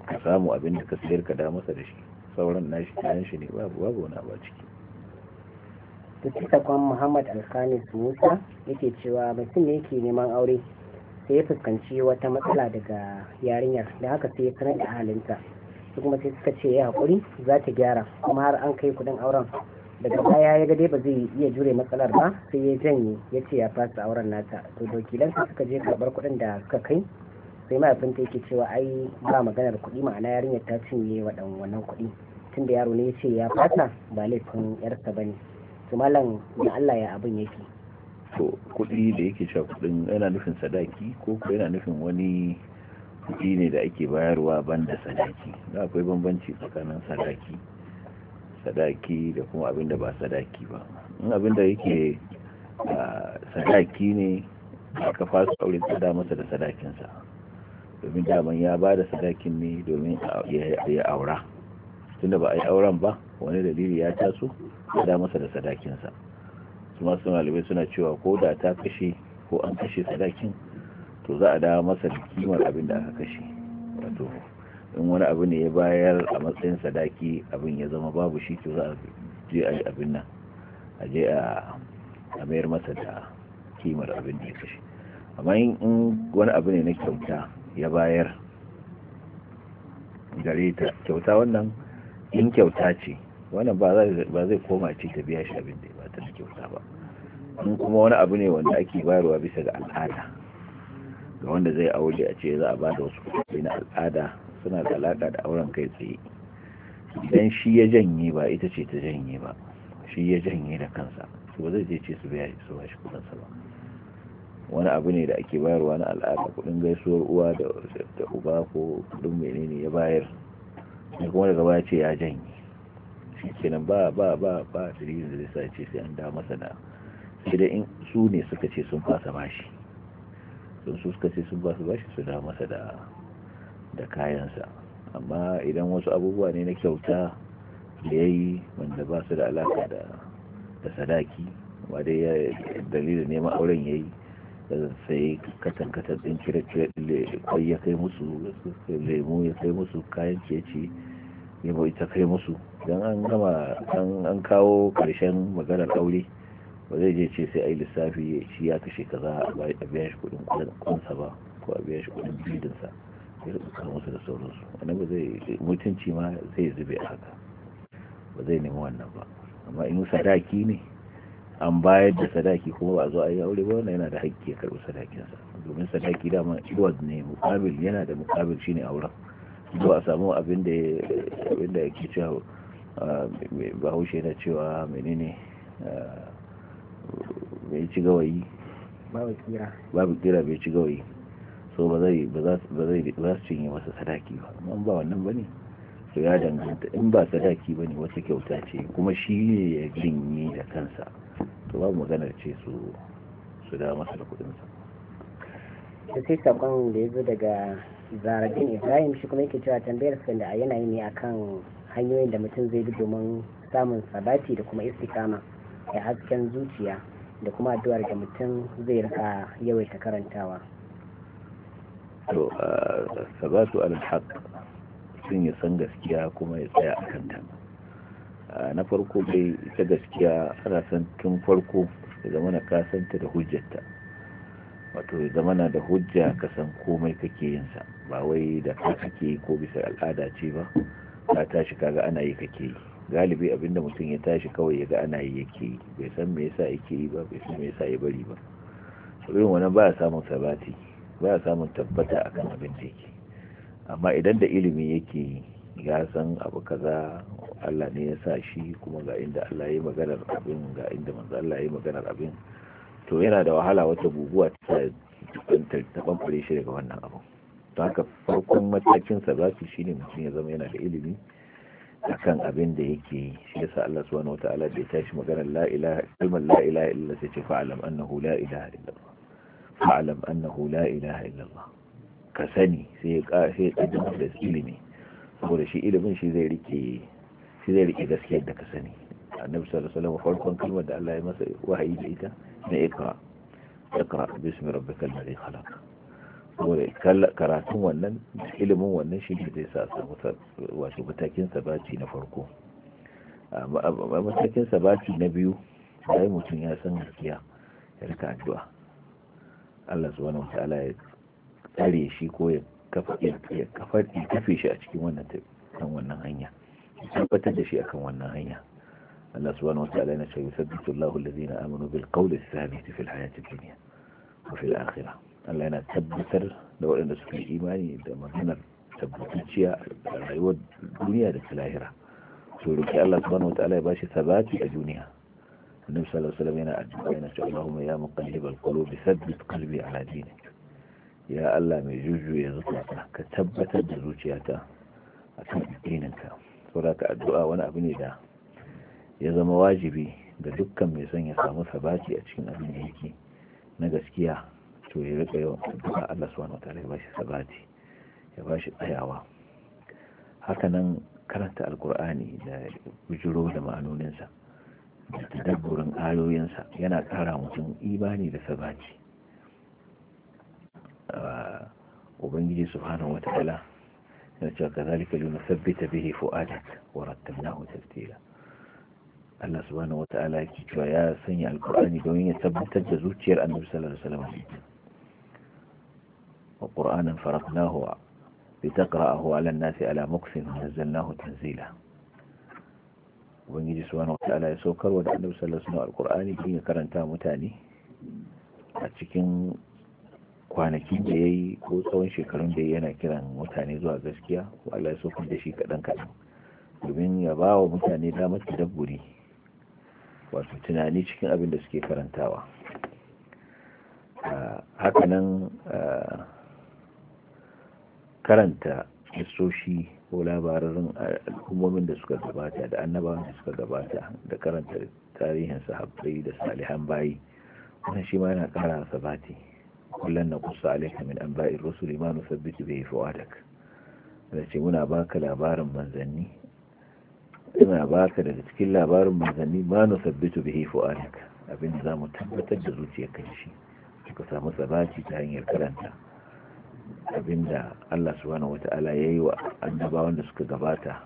ka samu abin da ka sayar ka da masa da shi sauran nashi kayan shi ne babu babu wani abu ciki tuttakon muhammad alkhamis musa yake cewa mutum ne yake neman aure sai ya fuskanci wata matsala daga yarinyar da haka sai ya sanar da halinta su kuma sai suka ce ya haƙuri za ta gyara kuma har an kai kuɗin auren daga baya ya ga dai ba zai iya jure matsalar ba sai ya janye ya ce ya fasa auren nata to dokilansa suka je karɓar kuɗin da suka kai sai mahaifinta yake cewa ai ba maganar kuɗi ma'ana yarinyar ta cinye wa kuɗi tunda yaro ne ya ce ya fasa ba laifin yarsa ba ne su malam da Allah ya abin yake to kuɗi da yake cewa kuɗin yana nufin sadaki ko kuma yana nufin wani kuɗi ne da ake bayarwa banda sadaki da akwai bambanci tsakanin sadaki sadaki da kuma abin da ba sadaki ba in abin da yake sadaki ne aka fasa aure tsada masa da sadakinsa domin daman ya ba da sadakin ne domin ya aura tunda ba a yi auren ba wani dalili ya taso ya da masa da sadakinsa su masu malibai suna cewa ko da ta kashe ko an kashe sadakin to za a da masa da kimar abin da aka kashe wato in wani abu ne ya bayar a matsayin sadaki abin ya zama babu shi to za a je a yi abin nan a je a mayar masa da kimar abin da ya kashe amma in wani abu ne na kyauta ya bayar gare ta kyauta wannan in kyauta ce wannan ba zai koma ce ta biya shi abin da ba ta wuta ba in kuma wani abu ne wanda ake bayarwa bisa ga al'ada ga wanda zai aure a ce za a bada wasu kuɗi na al'ada suna da alaƙa da auren kai tsaye idan shi ya janye ba ita ce ta janye ba shi ya janye da kansa ba zai je ce su biya su ba shi kuɗinsa ba wani abu ne da ake bayarwa na al'ada kuɗin gaisuwar uwa da uba ko kuɗin menene ya bayar kuma daga baya ce ya janye kenan ba ba ba ba dalilin da zai ce sai an da masa da sai da in su ne suka ce sun fasa bashi sun su suka ce sun fasa bashi su da masa da da kayansa amma idan wasu abubuwa ne na kyauta da ya yi wanda ba su da alaka da da sadaki ba dai ya dalilin neman auren ya yi sai katan-katan ɗin kire-kire ya kai musu lemu ya kai musu kayan ciye-ciye yabo ita kai musu don an gama an kawo karshen maganar aure ba zai je ce sai a yi lissafi shi ya kashe kaza a biya shi kudin kudinsa ba ko a biya shi kudin bidinsa ya rubuta musu da sauransu wannan ba zai mutunci ma zai zube a haka ba zai nemi wannan ba amma in sadaki ne an bayar da sadaki kuma ba a zo a yi aure ba wannan yana da haƙƙi ya karɓi sadakinsa domin sadaki dama iwad ne mukabil yana da mukabil shine auren ba a samu abin da yake cewa bahaushe na cewa menene bai ci gawayi babu kira bai ci gawayi so ba zai ba za su cinye masa sadaki ba amma ba wannan ba ne to ya danganta in ba sadaki ba ne wata kyauta ce kuma shi ne ya jinye da kansa to babu maganar ce su su da masa da kudinsa da sai sakon da ya zo daga zaradin ibrahim shi kuma yake cewa tambayar sanda da yana yi ne akan hanyoyin da mutum zai bi domin samun sabati da kuma istikama da hasken zuciya da kuma addu'ar da mutum zai rika yawaita karantawa to sabatu alhaq haq sun yi san gaskiya kuma ya tsaya a kanta na farko bai ita gaskiya ana san tun farko da zamana kasanta da hujjarta wato ya zama na da hujja ka san komai kake yin sa ba wai da ka kake yi ko bisa al'ada ce ba ka tashi kaga ana yi kake yi galibi abinda mutum ya tashi kawai yaga ana yi yake yi bai san me yasa yake yi ba bai san me yasa ya bari ba irin wannan ba samun sabati ba samun tabbata akan abin da yake amma idan da ilimi yake yi ya san abu kaza Allah ne ya sa shi kuma ga inda Allah ya yi maganar abin ga inda manzo Allah ya yi maganar abin to yana da wahala wata guguwa ta taɓanɓare shi daga wannan abu To haka farkon matakin su shine mutum ya zama yana da ilimi akan abin da yake yi shi yasa Allah subhanahu wataala da ya tashi maganar la ilaha kalmar la ilaha illa sai ce fa'alam annahu la ilaha illa fa'alam annahu la ilaha illa ka sani sai ya sai ya da ilimi saboda shi ilimin shi zai rike shi zai rike gaskiyar da ka sani annabi sallallahu alaihi wasallam farkon kalmar da Allah ya masa wahayi da ita na ikra ikra bismi rabbika ladhi khalaq kala karatun wannan ilimin wannan shi ne zai sa samu wato matakin sabati na farko a matakin sabati na biyu sai mutum ya san gaskiya ya rika addu'a Allah subhanahu wataala ya tsare shi ko ya kafa ya kafa shi a cikin wannan wannan hanya tabbatar da shi akan wannan hanya أن سبحانه وتعالى سيثبت الله الذين آمنوا بالقول الثابت في الحياة الدنيا وفي الآخرة أن لنا تبتر لو أن سبحانه إيماني إذا ما هنا تبتشيا غيود الدنيا الاخره سورك الله سبحانه وتعالى باشي ثبات في الدنيا النبي صلى الله عليه وسلم ينا شاء اللهم يا مقلب القلوب ثبت قلبي على دينك يا الله من جوج يزطلق كتبت الدروجيات أكبر دينك فراك الدعاء وانا أبني ده ya zama wajibi ga dukkan mai son ya samu sabati a cikin abin da yake na gaskiya to ya rika yawan addu'a Allah subhanahu wataala ya ba shi sabati ya ba shi tsayawa hakanan karanta alkur'ani da bujiro da ma'anoninsa da tadabburin ayoyinsa yana kara mutum imani da sabati ah, ubangiji su wata wataala yana cewa na sabbita bihi fu'adak wa rattabnahu tartila Allah subhanahu wata'ala yake cewa ya sanya alkur'ani domin ya tabbatar da zuciyar annabi sallallahu alaihi wasallam wa qur'anan faraqnahu taqra'ahu 'ala an-nasi 'ala mukthin nazzalnahu tanzila ubangiji subhanahu ta'ala ya saukarwa da annabi sallallahu alaihi wasallam alkur'ani kin ya karanta mutane a cikin kwanakin da ya ko tsawon shekarun da yana kiran mutane zuwa gaskiya ko Allah ya saukar da shi kaɗan kaɗan domin ya ba wa mutane damar dabburi wato tunani cikin abin da suke karantawa hakanan karanta hissoshi ko labarin al'ummomin da suka gabata da annabawan da suka gabata da karanta tarihin sahabbai da salihan bayi wannan shi ma yana kara sabati kullum na kusa alaika min an ba'in rusuli ma bai bihi da ce muna baka labarin manzanni ina ba ka daga cikin labarin manzanni ma nu sabbitu bihi fu'adak abin da zamu tabbatar da kan shi ka samu sabaci ta hanyar karanta abinda Allah subhanahu ya yi wa annabawan da suka gabata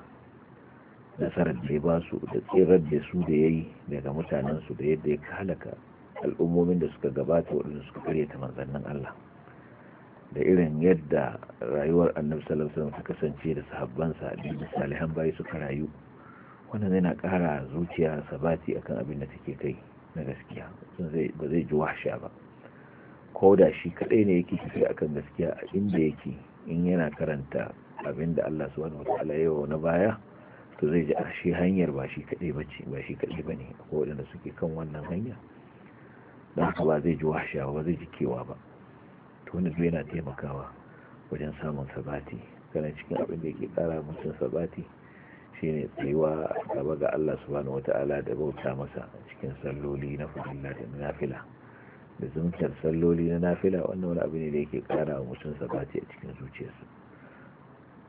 nasarar da ya ba su da tsirar da su da ya yi daga mutanensu su da yadda ya halaka al'ummomin da suka gabata waɗanda suka karyata manzannin Allah da irin yadda rayuwar annabi sallallahu alaihi wasallam ta kasance da sahabbansa da salihan bayi suka rayu wannan zai na ƙara zuciya sabati akan abin da take kai na gaskiya ba zai ji washa ba ko da shi kaɗai ne yake tafi akan gaskiya a inda yake in yana karanta abin da Allah subhanahu wataala yawa na baya to zai ji a ah, shi hanyar ba shi kaɗai ba ce ba shi kaɗai ba ne ko waɗanda suke kan wannan hanya don haka ba zai ji washa ba zai ji kewa ba to wani zai yana taimakawa wajen samun sabati kana cikin abin da yake ƙara mutum sabati ne tsayuwa gaba ga Allah subhanahu ta'ala da bauta masa cikin salloli na fadilla da nafila da zumtar salloli na nafila wannan wani abu ne da yake kara wa mutum sabati a cikin zuciyarsa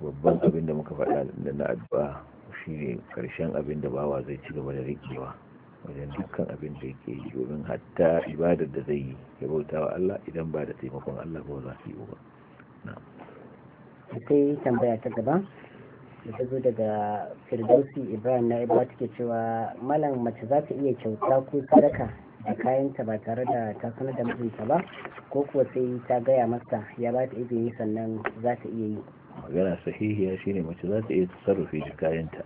babban abin da muka faɗa da na addu'a shine karshen abin da bawa zai ci gaba da rikewa wajen dukkan abin da yake yi domin hatta ibadar da zai yi ya bauta wa Allah idan ba da taimakon Allah ba za su yi ba. Sai tambaya ta gaba. da ta zo daga firdausi ibrahim na ibrahim take cewa malam mace za ta iya kyauta ko sadaka da kayanta ba tare da ta sanar da mijinta ba ko kuwa sai ta gaya masa ya ba ta izini sannan za ta iya yi magana sahihiya shine mace za ta iya tasarrufi da kayanta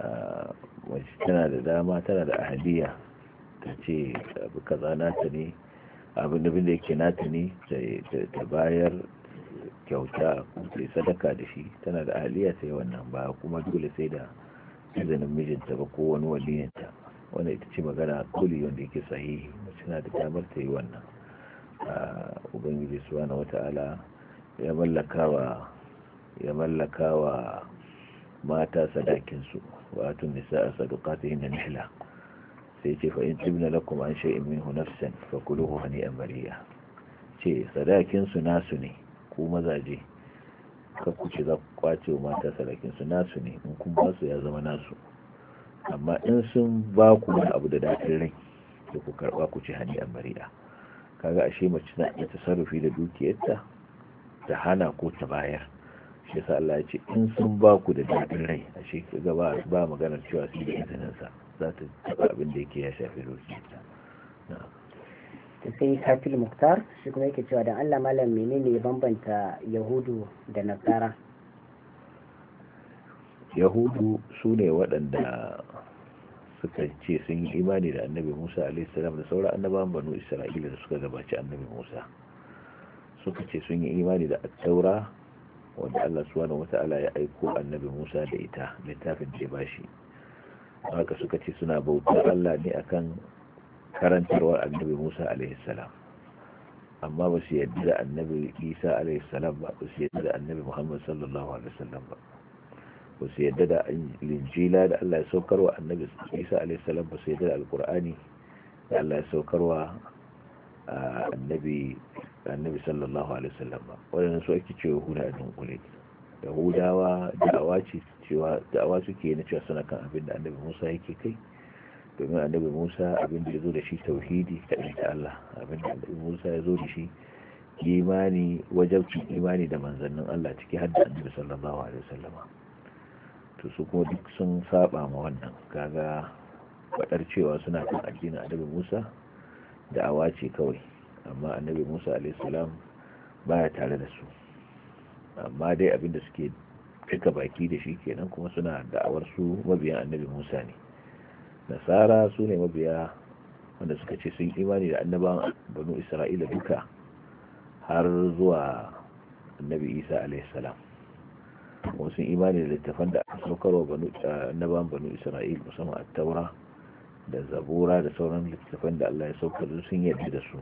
ah, mace tana da dama tana da ahadiya ta ce abu kaza nata ne abin da yake nata ne ta bayar kyauta kuma ta sadaka da shi tana da aliya ta yi wannan ba kuma dole sai da izinin mijinta ba ko wani waliyanta wanda ita ce magana kuli wanda yake sahihi mace na da damar ta yi wannan ah, ubangiji subhanahu wata'ala ya mallakawa ya mallakawa mata sadakinsu wa atun nisa'a na nihla sai ce fa'in tibna lakum an shay'in minhu nafsan fakuluhu hani'an mariya ce sadakin su nasu ne ko mazaje ka kuce za ku kwace wa mata sadakin nasu ne in kun ba su ya zama nasu amma in sun ba ku wani abu da daɗin rai da ku karba ku ci hani mari'a kaga ashe mace na iya tasarrufi da dukiyarta ta hana ko ta bayar shi yasa Allah ya ce in sun ba ku da daɗin rai ashe kaga ba ba maganar cewa su da izinin sa za ta taɓa abin da yake ya shafi dukiyarta to sai kafil muktar shi kuma yake cewa dan Allah malam menene bambanta yahudu da nasara yahudu su ne waɗanda suka ce sun yi imani da annabi musa alaihissalam da sauran annabawan banu isra'ila da suka gabaci annabi musa suka ce sun yi imani da attaura wanda allah subhanahu wata'ala ya aiko annabi musa da ita littafin da ya bashi haka suka ce suna bautar allah ne akan karantarwar annabi musa alaihissalam amma ba su yadda da annabi isa alaihissalam ba ba su yadda da annabi muhammad sallallahu alaihi wasallam ba ba su yadda da linjila da allah ya saukarwa annabi isa alaihissalam ba su yadda da alkur'ani da allah ya saukarwa annabi sallallahu alaihi wasallam ba waɗanda su ake cewa huda a dunkule yahudawa da'awa ce cewa da'awa suke yana cewa suna kan abin da annabi musa yake kai domin annabi musa abin da ya zo da shi tauhidi ta ta Allah abin da annabi musa ya zo da shi imani wajabcin imani da manzannin Allah ciki har da annabi sallallahu alaihi wasallama to su kuma duk sun saba ma wannan kaga fadar cewa suna kan addinin annabi musa da awa ce kawai amma annabi musa alaihi salam baya tare da su amma dai abinda suke duka baki da shi kenan kuma suna da'awar su mabiyan annabi musa ne nasara su ne mabiya wanda suka ce sun imani da annaban banu isra'ila duka har zuwa annabi isa alaihissalam kuma sun imani da littafan da aka wa annaban banu eh, isra'ila musamman a taura da zabura da sauran littafan da allah ya saukar sun yadda da su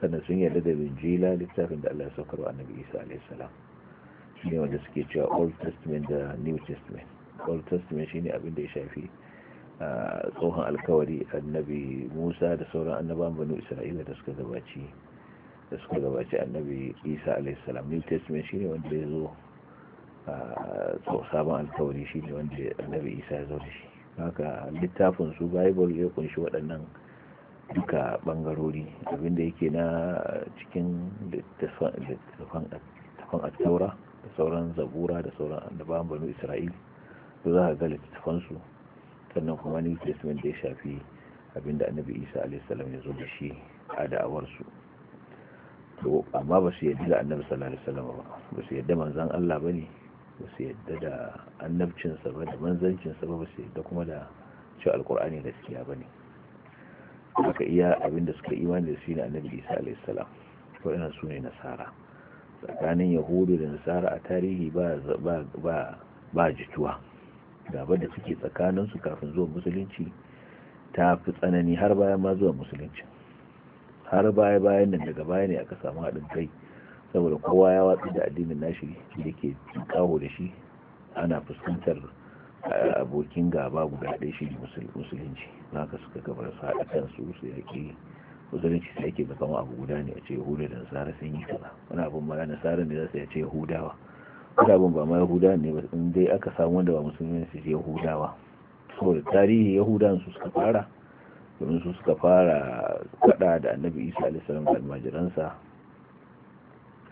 sannan sun yarda da binjila littafin da allah ya saukar wa annabi isa alaihissalam shi ne wanda suke cewa old testament da new testament old testament shine abin da ya shafi tsohon alkawari annabi musa da sauran annaban banu isra'ila da suka gabaci da suka gabaci annabi isa alaihissalam new testament shine wanda ya zo sabon alkawari shine wanda annabi isa ya zo da shi haka littafin su bible ya kunshi waɗannan duka bangarori abinda yake na cikin littafan attaura da sauran zabura da sauran annabawan banu isra'ila za a ga littafansu sannan kuma new testament da ya shafi abinda annabi isa alaihissalam ya zo da shi a da'awarsu to amma ba su yadda da annabi sallallahu alaihi ba ba su yadda manzan Allah ba ne ba su yadda da annabcinsa ba da manzancinsa ba ba su yadda kuma da cewa alkur'ani suke ba ne haka iya abinda suka imani da su na annabi isa alaihissalam waɗannan su ne nasara tsakanin yahudu da nasara a tarihi ba ba ba jituwa gaba da suke tsakanin su kafin zuwa musulunci ta fi tsanani har bayan ma zuwa musulunci har baya bayan nan daga baya ne aka samu haɗin kai saboda kowa ya watsi da addinin nashi da ke kawo da shi ana fuskantar eh, abokin gaba guda ɗaya shi musulunci ka suka gabar su haɗa kansu su yaƙi musulunci sai yake zama abu guda ne a ce yahuda da nasara sun yi kaza wani abin magana nasara ne za su ya ce yahudawa abin ba ma yahuda ne ba in dai aka samu wanda ba musulmi su yahudawa saboda tarihi yahuda su suka fara domin su suka fara kada da annabi isa alisalam da almajiransa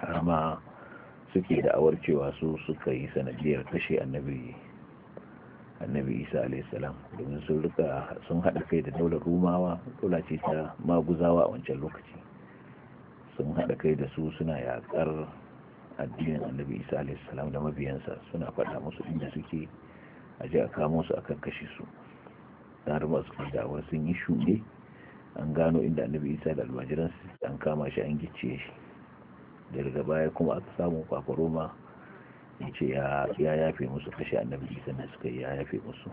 har ma suke da cewa su suka yi sanadiyar kashe annabi annabi isa alaihissalam domin sun rika sun haɗa kai da daular rumawa dola ce ta maguzawa a wancan lokaci sun haɗa kai da su suna yaƙar addinin annabi isa alaihissalam da mabiyansa suna faɗa musu inda suke a ji a kamo su akan kashe su har su dawar sun yi shuɗe an gano inda annabi isa da almajiransu an kama shi an gicciye shi da daga baya kuma a samun kwakwaro ma ya ce ya yafe musu kashe annabi isa na suka ya yafe musu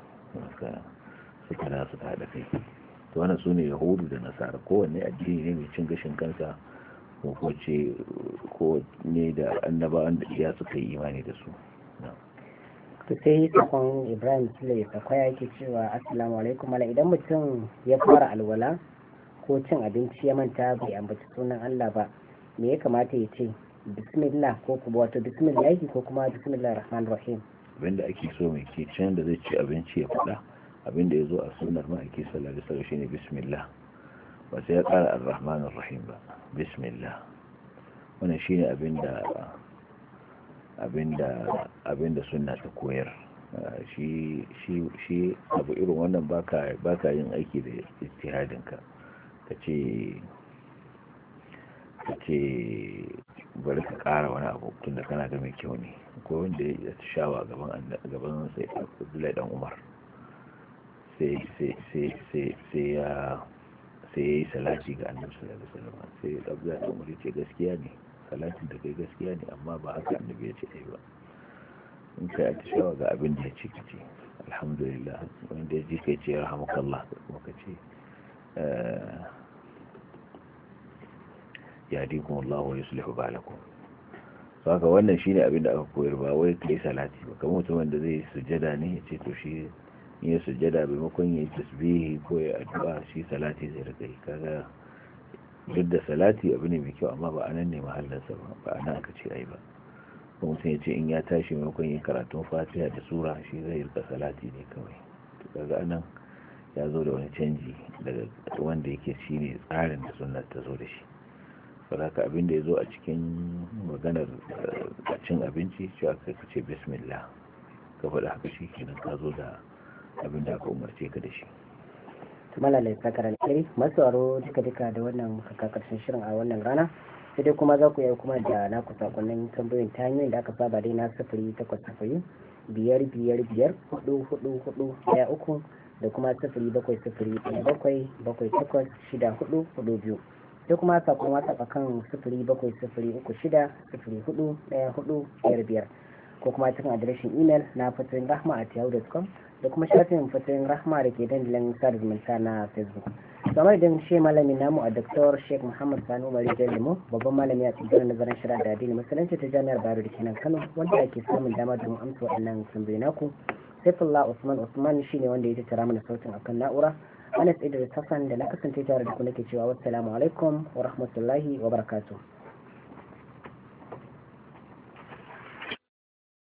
suka na suka haɗa kai to wannan su ne yahudu da nasara kowanne addini ne mai cin gashin kansa ko ce ko ne da annabawan da iya suka yi imani da su to sai sakon ibrahim sule ya sakwaya yake cewa assalamu alaikum ala idan mutum ya fara alwala ko cin abinci ya manta bai ambaci sunan allah ba me ya kamata ya ce bismillah ko kuma wato bismillah ko kuma bismillah rahman rahim da ake so mai ke can da zai ci abinci ya faɗa da ya zo a sunar ma ake sallah da sallah shine bismillah ba sai ya ƙara ar al rahim ba bismillah wannan shine abinda abinda abinda sunna ta koyar ah, shi abu irin wannan baka baka yin aiki da ijtihadin ka kace kace bari ka ƙara wani abu tunda kana ga mai kyau ne ko wanda ya shawa gaban gaban sai Abdullahi dan Umar sai sai ya sai ya yi salati ga annabi sallallahu alaihi wasallam sai ya ɗabza ta umar ce gaskiya ne salatin da kai gaskiya ne amma ba haka annabi ya ce ai ba in kai atishawa ga abin da ya ce ka alhamdulillah wanda ya ji kai ce ya kuma ka ce eh, ya dikun Allah wa yusulihu balakum saka wannan shine abin da aka koyar ba wai kai salati ba kamar mutumin da zai sujada ne ya ce to shi ya sujada maimakon ya yi tasbihi ko ya addu'a shi salati zai rika yi kaga duk da salati abu ne mai kyau amma ba anan ne mahallarsa ba ba anan aka ce ai ba kuma sun ya ce in ya tashi makon yi karatun fatiha da sura shi zai rika salati ne kawai to kaga anan ya zo da wani canji daga wanda yake shi ne tsarin da sunna ta zo da shi saboda abin da ya zo a cikin maganar eh, cin abinci shi kai ce bismillah ka faɗa haka shi kenan ka zo da abin da aka umarce ka da shi malalai sakar masu masauraro duka duka da wannan muka shirin a wannan rana sai dai kuma za ku yi kuma da na ku sakonnin tambayoyin ta hanyoyin da aka saba dai na sufuri takwas sufuri biyar biyar biyar hudu hudu hudu daya uku da kuma sufuri bakwai sufuri daya bakwai bakwai takwas shida hudu hudu biyu sai kuma sakon a kan sufuri bakwai sufuri uku shida sufuri hudu daya hudu biyar biyar ko kuma cikin adireshin imel na fatoyin rahma a yahoo.com da kuma shafin fasirin rahma da ke dandalin sada zumunta na facebook kamar da shi malami namu a Dr. Sheikh Muhammad Sani Umar Jalimu babban malami a cikin nazarin shari'a da adini musulunci ta jami'ar baro da kenan Kano wanda ake samun dama domin amsa waɗannan tambayoyi naku Saifullah Usman Usman shi ne wanda ya tattara mana sautin akan na'ura Anas Idris Hassan da na kasance tare da ku nake cewa wassalamu alaikum wa rahmatullahi wa barakatuh